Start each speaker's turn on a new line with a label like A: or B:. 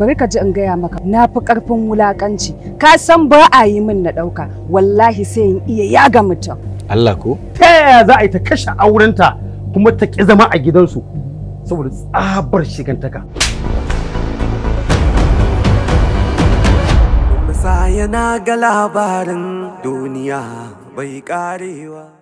A: bari ka ji in gaya maka na fi karfin wulakanci ka san ba a yi min na ɗauka
B: wallahi sai in iya yaga mutum Allah ko ta yaya za a yi ta kashe aurenta kuma ta ki zama a gidansu saboda tsabar shigantaka
C: musaya yana ga labarin duniya bai karewa